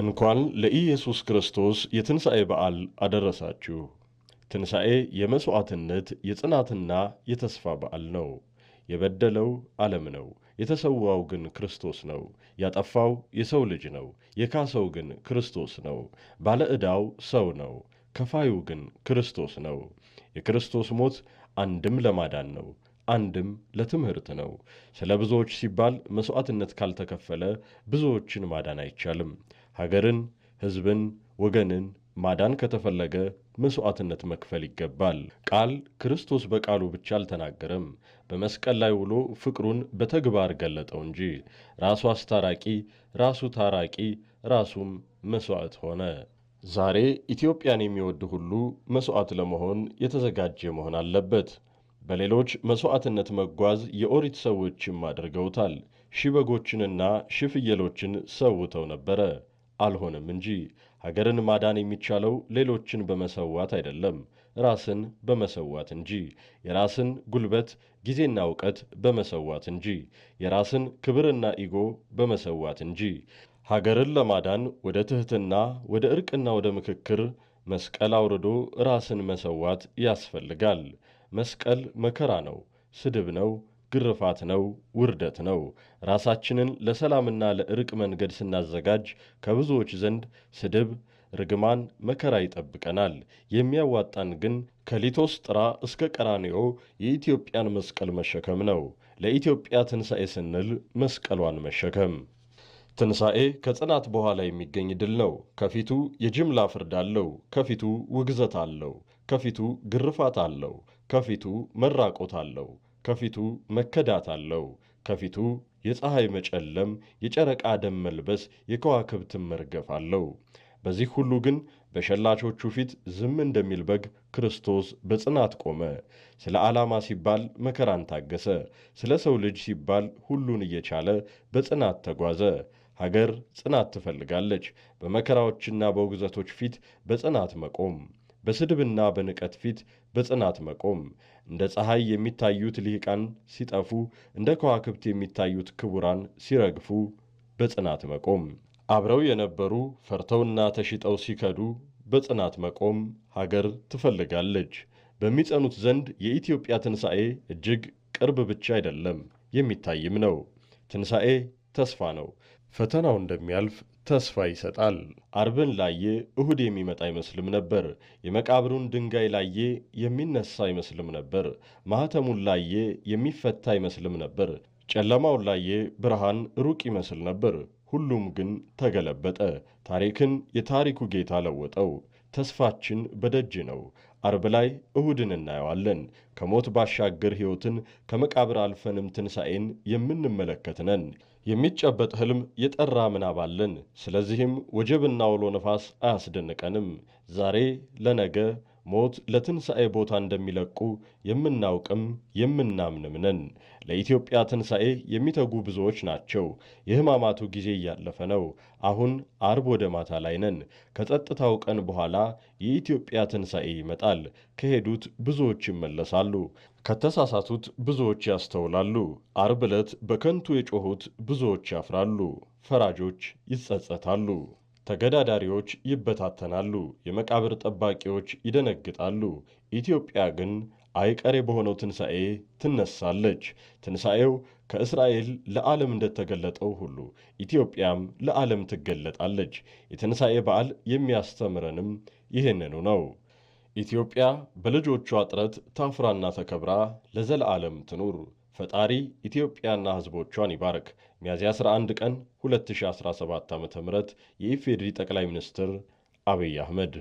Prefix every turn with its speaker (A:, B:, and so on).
A: እንኳን ለኢየሱስ ክርስቶስ የትንሣኤ በዓል አደረሳችሁ። ትንሣኤ የመሥዋዕትነት የጽናትና የተስፋ በዓል ነው። የበደለው ዓለም ነው፣ የተሰዋው ግን ክርስቶስ ነው። ያጠፋው የሰው ልጅ ነው፣ የካሰው ግን ክርስቶስ ነው። ባለ ዕዳው ሰው ነው፣ ከፋዩ ግን ክርስቶስ ነው። የክርስቶስ ሞት አንድም ለማዳን ነው አንድም ለትምህርት ነው። ስለ ብዙዎች ሲባል መሥዋዕትነት ካልተከፈለ ብዙዎችን ማዳን አይቻልም። ሀገርን፣ ሕዝብን፣ ወገንን ማዳን ከተፈለገ መሥዋዕትነት መክፈል ይገባል። ቃል ክርስቶስ በቃሉ ብቻ አልተናገረም፣ በመስቀል ላይ ውሎ ፍቅሩን በተግባር ገለጠው እንጂ። ራሱ አስታራቂ፣ ራሱ ታራቂ፣ ራሱም መሥዋዕት ሆነ። ዛሬ ኢትዮጵያን የሚወድ ሁሉ መሥዋዕት ለመሆን የተዘጋጀ መሆን አለበት። በሌሎች መሥዋዕትነት መጓዝ የኦሪት ሰዎችም አድርገውታል። ሺህ በጎችንና ሺህ ፍየሎችን ሰውተው ነበረ። አልሆንም እንጂ ሀገርን ማዳን የሚቻለው ሌሎችን በመሰዋት አይደለም፣ ራስን በመሰዋት እንጂ፣ የራስን ጉልበት ጊዜና እውቀት በመሰዋት እንጂ፣ የራስን ክብርና ኢጎ በመሰዋት እንጂ። ሀገርን ለማዳን ወደ ትህትና ወደ እርቅና ወደ ምክክር መስቀል አውርዶ ራስን መሰዋት ያስፈልጋል። መስቀል መከራ ነው፣ ስድብ ነው፣ ግርፋት ነው፣ ውርደት ነው። ራሳችንን ለሰላምና ለእርቅ መንገድ ስናዘጋጅ ከብዙዎች ዘንድ ስድብ፣ ርግማን፣ መከራ ይጠብቀናል። የሚያዋጣን ግን ከሊቶስ ጥራ እስከ ቀራንዮ የኢትዮጵያን መስቀል መሸከም ነው። ለኢትዮጵያ ትንሣኤ ስንል መስቀሏን መሸከም ትንሣኤ ከጽናት በኋላ የሚገኝ ድል ነው። ከፊቱ የጅምላ ፍርድ አለው። ከፊቱ ውግዘት አለው። ከፊቱ ግርፋት አለው። ከፊቱ መራቆት አለው። ከፊቱ መከዳት አለው። ከፊቱ የፀሐይ መጨለም፣ የጨረቃ ደም መልበስ፣ የከዋክብትን መርገፍ አለው። በዚህ ሁሉ ግን በሸላቾቹ ፊት ዝም እንደሚል በግ ክርስቶስ በጽናት ቆመ። ስለ ዓላማ ሲባል መከራን ታገሰ። ስለ ሰው ልጅ ሲባል ሁሉን እየቻለ በጽናት ተጓዘ። ሀገር ጽናት ትፈልጋለች። በመከራዎችና በውግዘቶች ፊት በጽናት መቆም በስድብና በንቀት ፊት በጽናት መቆም እንደ ፀሐይ የሚታዩት ልሂቃን ሲጠፉ፣ እንደ ከዋክብት የሚታዩት ክቡራን ሲረግፉ በጽናት መቆም አብረው የነበሩ ፈርተውና ተሽጠው ሲከዱ በጽናት መቆም ሀገር ትፈልጋለች። በሚጸኑት ዘንድ የኢትዮጵያ ትንሣኤ እጅግ ቅርብ ብቻ አይደለም፣ የሚታይም ነው። ትንሣኤ ተስፋ ነው። ፈተናው እንደሚያልፍ ተስፋ ይሰጣል። አርብን ላየ እሁድ የሚመጣ አይመስልም ነበር። የመቃብሩን ድንጋይ ላየ የሚነሳ አይመስልም ነበር። ማኅተሙን ላየ የሚፈታ አይመስልም ነበር። ጨለማውን ላየ ብርሃን ሩቅ ይመስል ነበር። ሁሉም ግን ተገለበጠ። ታሪክን የታሪኩ ጌታ ለወጠው። ተስፋችን በደጅ ነው። አርብ ላይ እሁድን እናየዋለን። ከሞት ባሻገር ሕይወትን ከመቃብር አልፈንም ትንሣኤን የምንመለከት ነን። የሚጨበጥ ህልም የጠራ ምናብ አለን። ስለዚህም ወጀብና ውሎ ነፋስ አያስደንቀንም። ዛሬ ለነገ ሞት ለትንሣኤ ቦታ እንደሚለቁ የምናውቅም የምናምንም ነን። ለኢትዮጵያ ትንሣኤ የሚተጉ ብዙዎች ናቸው። የሕማማቱ ጊዜ እያለፈ ነው። አሁን አርብ ወደ ማታ ላይ ነን። ከጸጥታው ቀን በኋላ የኢትዮጵያ ትንሣኤ ይመጣል። ከሄዱት ብዙዎች ይመለሳሉ። ከተሳሳቱት ብዙዎች ያስተውላሉ። አርብ ዕለት በከንቱ የጮኹት ብዙዎች ያፍራሉ። ፈራጆች ይጸጸታሉ። ተገዳዳሪዎች ይበታተናሉ፣ የመቃብር ጠባቂዎች ይደነግጣሉ። ኢትዮጵያ ግን አይቀሬ በሆነው ትንሣኤ ትነሳለች። ትንሣኤው ከእስራኤል ለዓለም እንደተገለጠው ሁሉ ኢትዮጵያም ለዓለም ትገለጣለች። የትንሣኤ በዓል የሚያስተምረንም ይህንኑ ነው። ኢትዮጵያ በልጆቿ ጥረት ታፍራና ተከብራ ለዘለዓለም ትኑር። ፈጣሪ ኢትዮጵያና ህዝቦቿን ይባርክ። ሚያዝያ 11 ቀን 2017 ም የኢፌዴሪ ጠቅላይ ሚኒስትር አብይ አህመድ